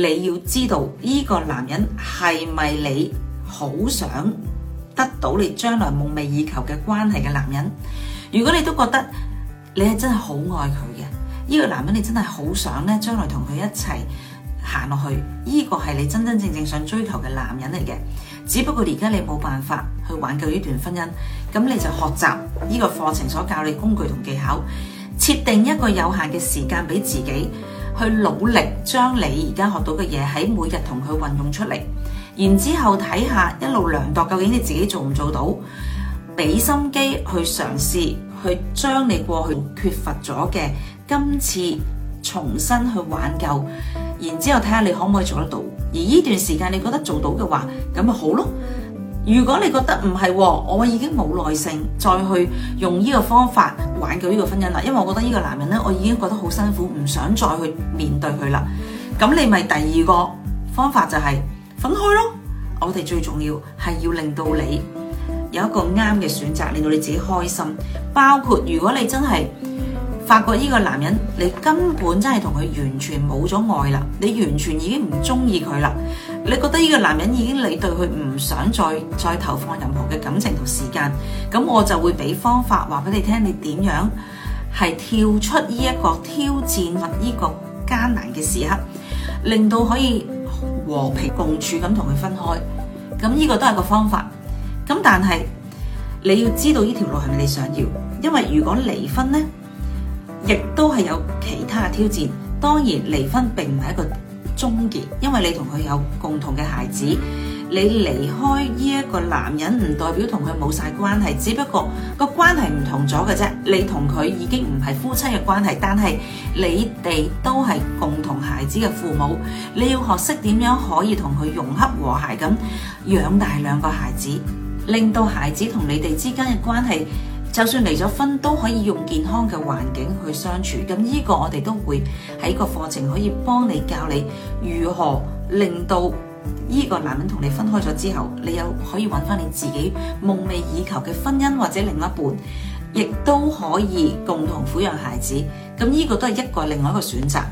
你要知道，呢個男人係咪你好想得到你將來夢寐以求嘅關係嘅男人？如果你都覺得你係真係好愛佢嘅，呢個男人你真係好想咧將來同佢一齊行落去，呢個係你真真正正想追求嘅男人嚟嘅。只不過而家你冇辦法去挽救呢段婚姻，咁你就學習呢個課程所教你工具同技巧，設定一個有限嘅時間俾自己。去努力將你而家學到嘅嘢喺每日同佢運用出嚟，然之後睇下一路量度究竟你自己做唔做到，俾心機去嘗試去將你過去缺乏咗嘅今次重新去挽救，然之後睇下你可唔可以做得到。而呢段時間你覺得做到嘅話，咁咪好咯。如果你覺得唔係，我已經冇耐性再去用呢個方法挽救呢個婚姻啦，因為我覺得呢個男人咧，我已經覺得好辛苦，唔想再去面對佢啦。咁你咪第二個方法就係分開咯。我哋最重要係要令到你有一個啱嘅選擇，令到你自己開心。包括如果你真係，發覺呢個男人，你根本真係同佢完全冇咗愛啦，你完全已經唔中意佢啦。你覺得呢個男人已經你對佢唔想再再投放任何嘅感情同時間，咁我就會俾方法話俾你聽，你點樣係跳出呢一個挑戰或呢個艱難嘅時刻，令到可以和平共處咁同佢分開。咁呢個都係個方法。咁但係你要知道呢條路係咪你想要？因為如果離婚呢。亦都係有其他挑戰，當然離婚並唔係一個終結，因為你同佢有共同嘅孩子。你離開呢一個男人唔代表同佢冇晒關係，只不過個關係唔同咗嘅啫。你同佢已經唔係夫妻嘅關係，但係你哋都係共同孩子嘅父母，你要學識點樣可以同佢融洽和諧咁養大兩個孩子，令到孩子同你哋之間嘅關係就算離咗婚，都可以用健康嘅環境去相處。咁呢個我哋都會喺個課程可以幫你教你如何令到呢個男人同你分開咗之後，你又可以揾翻你自己夢寐以求嘅婚姻或者另一半，亦都可以共同撫養孩子。咁呢個都係一個另外一個選擇。